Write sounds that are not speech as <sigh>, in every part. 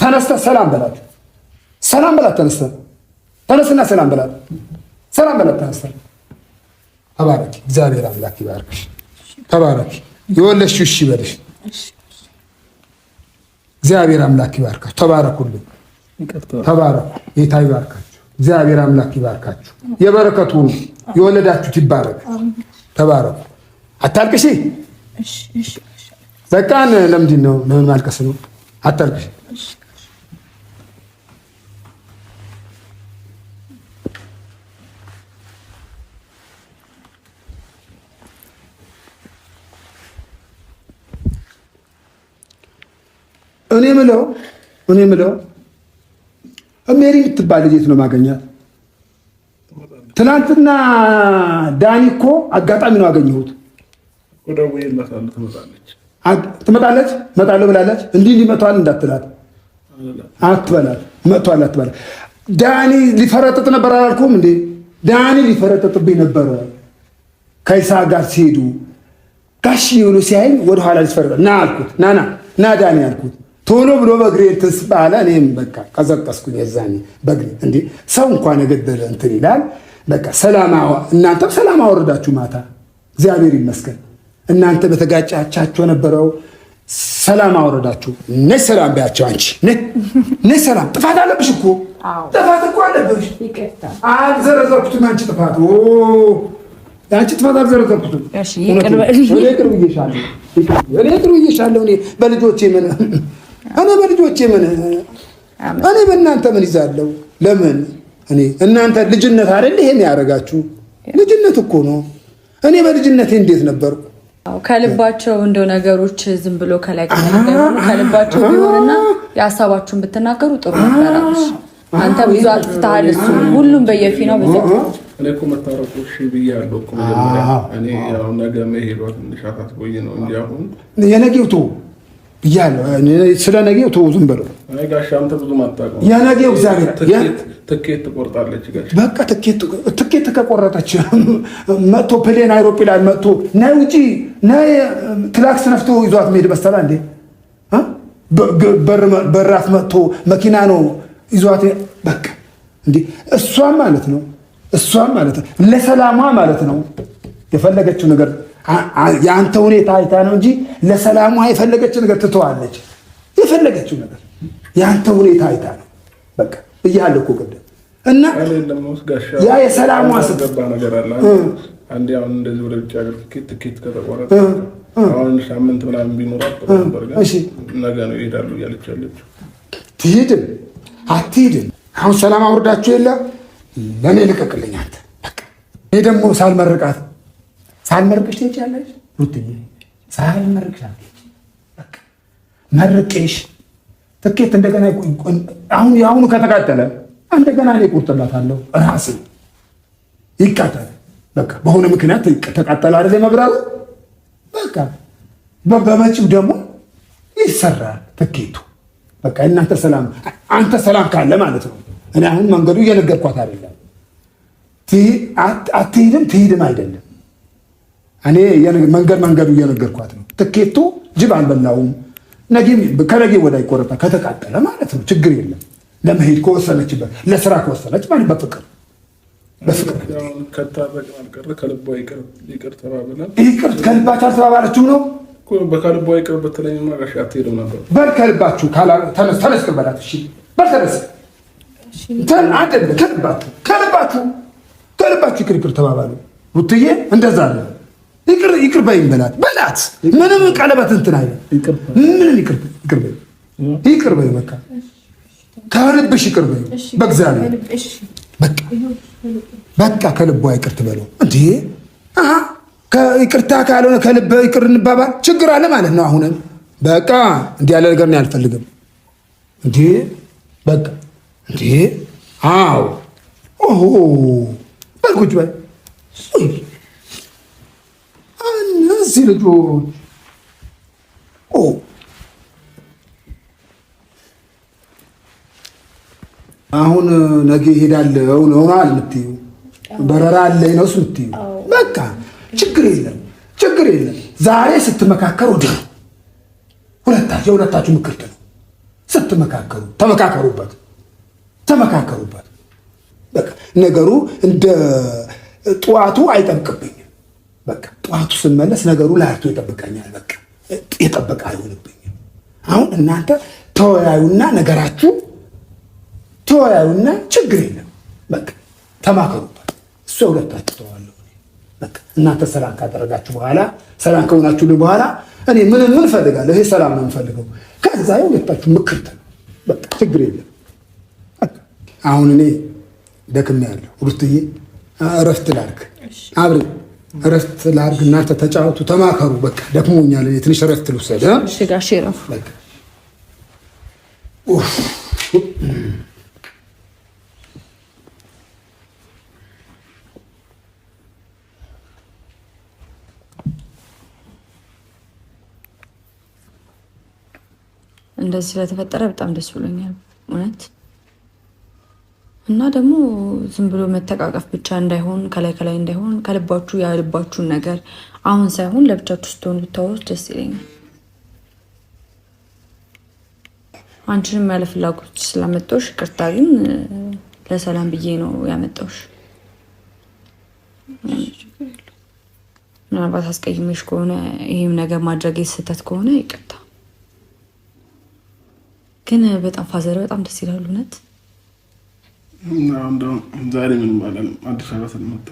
ተነስተ ሰላም በላት፣ ሰላም በላት። ተነስተ ተነስና ሰላም በላት፣ ሰላም በላት። ተነስተ ተባረክ። እግዚአብሔር አምላክ ይባርክሽ። ተባረክ። የወለድሽው እሺ በልሽ። እግዚአብሔር አምላክ ይባርካችሁ። ተባረኩልን፣ ተባረኩ። ጌታ ይባርካችሁ። እግዚአብሔር አምላክ ይባርካችሁ። የበረከቱ የወለዳችሁት ይባረክ። ተባረኩ። አታልቅሺ። በቃ ለምንድን ነው ለምን ማልቀስ ነው? አታልቅሺ። እኔ ምለው እኔ ምለው ሜሪ የምትባል ልጅ ነው የማገኛት ትናንትና ዳኒ እኮ አጋጣሚ ነው አገኘሁት። ትመጣለች እመጣለሁ ብላለች። እንዲህ እንዲመቷል እንዳትላት አትበላል መጥቷል አትበላ። ዳኒ ሊፈረጥጥ ነበር አላልኩም እንዴ? ዳኒ ሊፈረጥጥብኝ ነበረ ከይሳ ጋር ሲሄዱ ጋሽ የሆኑ ሲያይን ወደኋላ ሊፈረጥ ና አልኩት። ናና ና ዳኒ አልኩት። ቶሎ ብሎ በእግሬ ትስባለ። እኔም በቃ ቀዘቀስኩኝ። የዛኔ በእግሬ እንዴ ሰው እንኳን የገደለ እንትን ይላል። በቃ ሰላም እናንተም ሰላም አወረዳችሁ ማታ። እግዚአብሔር ይመስገን። እናንተ በተጋጫቻቸው ነበረው ሰላም አወረዳችሁ። ነይ ሰላም ቢያቸው። አንቺ ነይ ሰላም። ጥፋት አለብሽ እኮ ጥፋት እኮ አለብሽ። አልዘረዘርኩትም። አንቺ ጥፋት አንቺ ጥፋት አልዘረዘርኩትም። እኔ ቅርብ እየሻለሁ እኔ ቅርብ ብዬሻለሁ። እኔ በልጆቼ ምን እኔ በልጆቼ ምን እኔ በእናንተ ምን ይዛለሁ? ለምን እኔ እናንተ ልጅነት አይደል ይሄን ያደረጋችሁ? ልጅነት እኮ ነው። እኔ በልጅነቴ እንዴት ነበርኩ ከልባቸው እንደው ነገሮች ዝም ብሎ ከላይ ከልባቸው ቢሆንና የሀሳባችሁን ብትናገሩ ጥሩ ነበረ። አንተ ብዙ አጥፍተሃል፣ እሱ ሁሉም በየፊ ነው ብዙ እኔ እኮ መታረቁ እሺ ብያለሁ እኮ መጀመሪያ እኔ ያው ነገ መሄዷ ትንሽ አታት ቆይ ነው እንጂ አሁን የነገው ብያለሁ። ስለ ነገው ተው፣ ዝም በለው። የነገው እግዚአብሔር ትኬት ከቆረጠች <laughs> መጥቶ ፕሌን አይሮፕላን መቶ ናይ ውጪ ናይ ትላክስ ነፍቶ ይዟት መሄድ እንዴ መጥቶ መኪና ነው ይዟት በቃ እንዴ እሷም ማለት ነው እሷም ማለት ነው ለሰላሟ ማለት ነው የፈለገችው ነገር የአንተ ሁኔታ አይታ ነው እንጂ ለሰላሟ የፈለገች ነገር ትተዋለች። የፈለገችው ነገር የአንተ ሁኔታ አይታ ነው። በቃ እያለ እኮ ቅድም እና ያ የሰላሟ ስገባ ነገር አለ። አሁን እንደዚህ ወደ ውጭ ሀገር ትኬት ከተቆረጠ አሁን ሳምንት ምናምን ቢኖራት ነገ ነው ይሄዳሉ እያለች ያለችው። አሁን ሰላም አውርዳችሁ የለ ለእኔ ልቀቅልኝ አንተ። እኔ ደግሞ ሳልመርቃት ሳልመርቅሽ ትሄጃለሽ ሩትዬ፣ ሳልመርቅሽ መርቄሽ ትኬት እንደገና አሁን የአሁኑ ከተቃጠለ እንደገና እኔ ቁርጥላታለሁ ራሴ ይቃጠል። በቃ በሆነ ምክንያት ተቃጠለ አይደል መብራቱ። በቃ በመጪው ደግሞ ይሰራል ትኬቱ። በቃ እናንተ ሰላም አንተ ሰላም ካለ ማለት ነው። እኔ አሁን መንገዱ እየነገርኳት አይደለም፣ አትሄድም ትሄድም አይደለም እኔ መንገድ መንገዱ እየነገርኳት ነው። ትኬቱ ጅብ አልበላውም። ከነጌ ወደ ይቆረጣ ከተቃጠለ ማለት ነው ችግር የለም። ለመሄድ ከወሰነችበት ለስራ ከወሰነች ማለት በፍቅር በፍቅር ይቅር ከልባችሁ አልተባባለችም ነው በከልቧ ይቅር ብትለኝ አትሄድም ነበር። በል ከልባችሁ ተነስ ተነስ በላት። እሺ በል ተነስ ከልባችሁ ከልባችሁ ከልባችሁ ይቅር ይቅር ተባባሉ። ውትዬ እንደዛ ነው። ይቅር ይቅር በይም በላት በላት። ምንም ቀለበት እንትን አይደል ምንም ይቅር ይቅር በይ ይቅር በይ በቃ ከልብሽ ይቅር በይ በእግዚአብሔር በቃ በቃ ከልቧ ይቅር ትበለው እንዴ ይቅርታ ካልሆነ ከልብ ይቅር እንባባል ችግር አለ ማለት ነው። አሁንም በቃ እንዲህ ያለ ነገር ነው አልፈልግም። እንዴ በቃ እንዴ አዎ ኦሆ በልኩች በል እነዚህ ልጆች አሁን ነገ እሄዳለሁ ነው አልምትዩ በረራ አለኝ ነው እሱ በቃ ችግር የለም ችግር የለም። ዛሬ ስትመካከሩ ድሩ ሁለታችሁ የሁለታችሁ ምክር ድሩ። ስትመካከሩ ተመካከሩበት ተመካከሩበት። በቃ ነገሩ እንደ ጠዋቱ አይጠብቅብኝም። በቃ ጠዋቱ ስመለስ ነገሩ ላይቶ ይጠብቀኛል። በቃ የጠበቀ አይሆንብኝም። አሁን እናንተ ተወያዩና ነገራችሁ ተወያዩና ችግር የለም በቃ ተማከሩበት። እሱ ሁለታችሁ ተዋለሁ። እናንተ ሰላም ካደረጋችሁ በኋላ ሰላም ከሆናችሁ በኋላ እኔ ምን ምን ፈልጋለሁ? ይሄ ሰላም ነው የምፈልገው። ከዛ የሁለታችሁ ምክርት ነው በቃ ችግር የለም። አሁን እኔ ደክሜያለሁ። ሁለትዬ እረፍት ላድርግ አብሬ እረፍት ላድርግ፣ እናንተ ተጫወቱ፣ ተማከሩ። በቃ ደክሞኛል፣ ትንሽ እረፍት ልውሰድ። እንደዚህ ስለተፈጠረ በጣም ደስ ብሎኛል እውነት እና ደግሞ ዝም ብሎ መተቃቀፍ ብቻ እንዳይሆን ከላይ ከላይ እንዳይሆን ከልባችሁ ያልባችሁን ነገር አሁን ሳይሆን ለብቻችሁ ስትሆኑ ብታወስ ደስ ይለኛል። አንቺንም ያለ ፍላጎት ስላመጣሁሽ ይቅርታ፣ ግን ለሰላም ብዬ ነው ያመጣሁሽ። ምናልባት አስቀይሜሽ ከሆነ ይህም ነገር ማድረግ የተሰተት ከሆነ ይቅርታ። ግን በጣም ፋዘር በጣም ደስ ይላሉ እውነት እንደውም ዛሬ ምንም አላለም። አዲስ አበባ ስለመጣ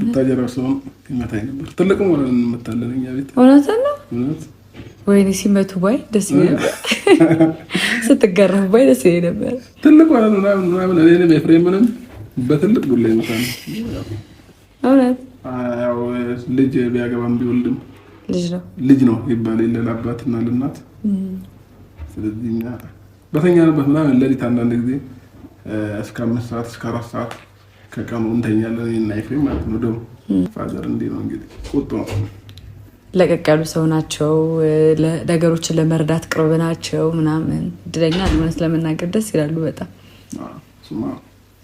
ብታጀራ ሰውን ይመታኝ ነበር። ትልቅም ሆነ እንመታለን እኛ ቤት። እውነት ነው እውነት። ወይኔ ሲመቱ ባይ ደስ ይለኝ ነበር፣ ስትገረፉ ባይ ደስ ይለኝ ነበር። ትልቅ ሆነ ምናምን ምናምን። እኔንም ኤፍሬምንም በትልቅ ዱላ ይመታ ነው እውነት። ልጅ ቢያገባም ቢወልድም ልጅ ነው ልጅ ነው ይባል የለ ለአባትና ለእናት። ስለዚህ በተኛንበት ምናምን ሌሊት አንዳንድ ጊዜ እስከ አምስት ሰዓት እስከ አራት ሰዓት ከቀኑ እንተኛለን እና ማለት ነው። ደግሞ ፋዘር እንዲህ ነው እንግዲህ ቁጡ ነው። ለቀቅ ያሉ ሰው ናቸው። ነገሮችን ለመርዳት ቅርብ ናቸው ምናምን ድለኛ እውነት ለመናገር ደስ ይላሉ። በጣም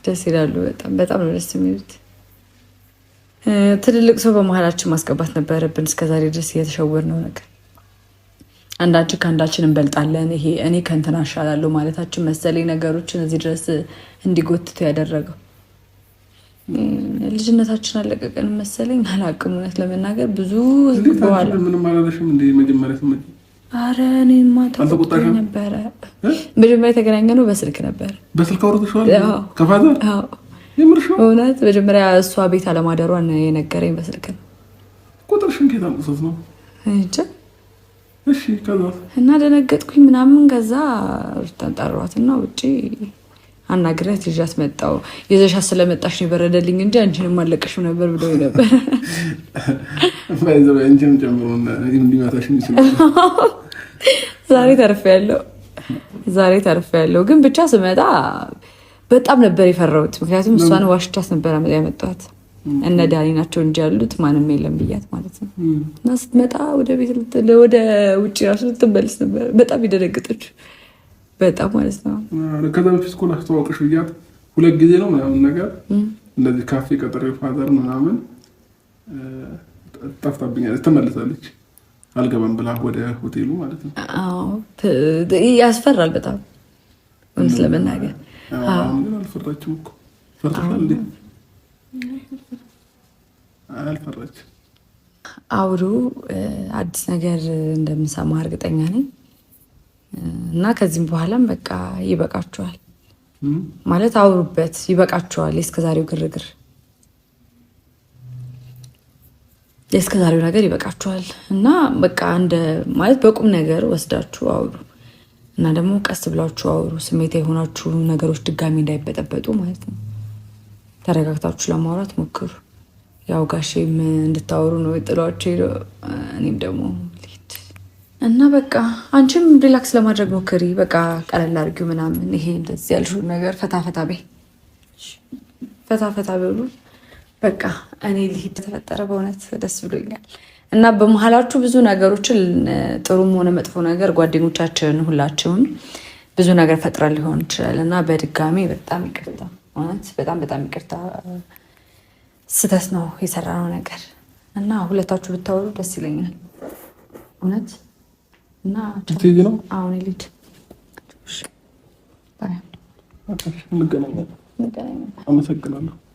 ደስ ይላሉ። በጣም በጣም ነው ደስ የሚሉት። ትልልቅ ሰው በመሀላችን ማስገባት ነበረብን። እስከዛሬ ድረስ እየተሸወር ነው ነገር አንዳችን ከአንዳችን እንበልጣለን፣ ይሄ እኔ ከእንትና እሻላለሁ ማለታችን መሰለኝ ነገሮችን እዚህ ድረስ እንዲጎትቱ ያደረገው። ልጅነታችን አለቀቀን መሰለኝ አላቅም። እውነት ለመናገር ብዙ በኋላ አረ እኔማ ተቆጣኝ ነበረ። መጀመሪያ የተገናኘነው በስልክ ነበር። በስልክ አውርተሽዋል? እውነት መጀመሪያ እሷ ቤት አለማደሯን የነገረኝ በስልክ ነው። ቁጥርሽን ከየት አምጥቶት ነው? እና ደነገጥኩኝ ምናምን። ከዛ ሩታን ጠሯትና ውጭ አናግሪያት ይዣት መጣው። ይዘሻት ስለመጣሽ ነው የበረደልኝ እንጂ አንቺንም አለቀሽ ነበር ብሎ ነበር። ዛሬ ተርፌያለሁ፣ ዛሬ ያለው ግን ብቻ ስመጣ በጣም ነበር የፈራሁት፣ ምክንያቱም እሷን ዋሽቻት ነበር ያመጣኋት እነ ዳኒ ናቸው እንጂ ያሉት ማንም የለም ብያት ማለት ነው። እና ስትመጣ ወደ ቤት ወደ ውጭ ራሱ ልትመልስ ነበር። በጣም የደነገጠች በጣም ማለት ነው። ከዛ በፊት እኮ ላስተዋወቅሽ ብያት ሁለት ጊዜ ነው ምናምን ነገር እንደዚህ ካፌ ቀጠሮ ፋዘር ምናምን ጠፍታብኛለች፣ ትመልሳለች አልገባም ብላ ወደ ሆቴሉ ማለት ነው። ያስፈራል በጣም እውነት ለመናገር አልፈራችም እኮ እንዴ? አውሩ አዲስ ነገር እንደምሰማ እርግጠኛ ነኝ እና ከዚህም በኋላም በቃ ይበቃችኋል ማለት አውሩበት፣ ይበቃችኋል። የእስከዛሬው ግርግር የእስከዛሬው ነገር ይበቃችኋል እና በቃ እንደ ማለት በቁም ነገር ወስዳችሁ አውሩ እና ደግሞ ቀስ ብላችሁ አውሩ። ስሜት የሆናችሁ ነገሮች ድጋሚ እንዳይበጠበጡ ማለት ነው። ተረጋግታችሁ ለማውራት ሞክሩ። ያው ጋሼም እንድታወሩ ነው የጥሏቸው ሄዶ እኔም ደግሞ ልሂድ እና በቃ አንቺም ሪላክስ ለማድረግ ሞክሪ። በቃ ቀለል አድርጊው ምናምን ይሄ እንደዚህ ያልሽውን ነገር ፈታፈታ ቤ ፈታፈታ ፈታ በቃ እኔ ልሂድ። ተፈጠረ በእውነት ደስ ብሎኛል። እና በመሀላችሁ ብዙ ነገሮችን ጥሩም ሆነ መጥፎ ነገር ጓደኞቻችን ሁላችሁም ብዙ ነገር ፈጥረን ሊሆን ይችላል እና በድጋሚ በጣም ይቅርታ እውነት በጣም በጣም ይቅርታ፣ ስህተት ነው የሰራነው ነገር እና ሁለታችሁ ብታወሩ ደስ ይለኛል እውነት እና ነው አሁን ልድ እንገናኛለን። አመሰግናለሁ።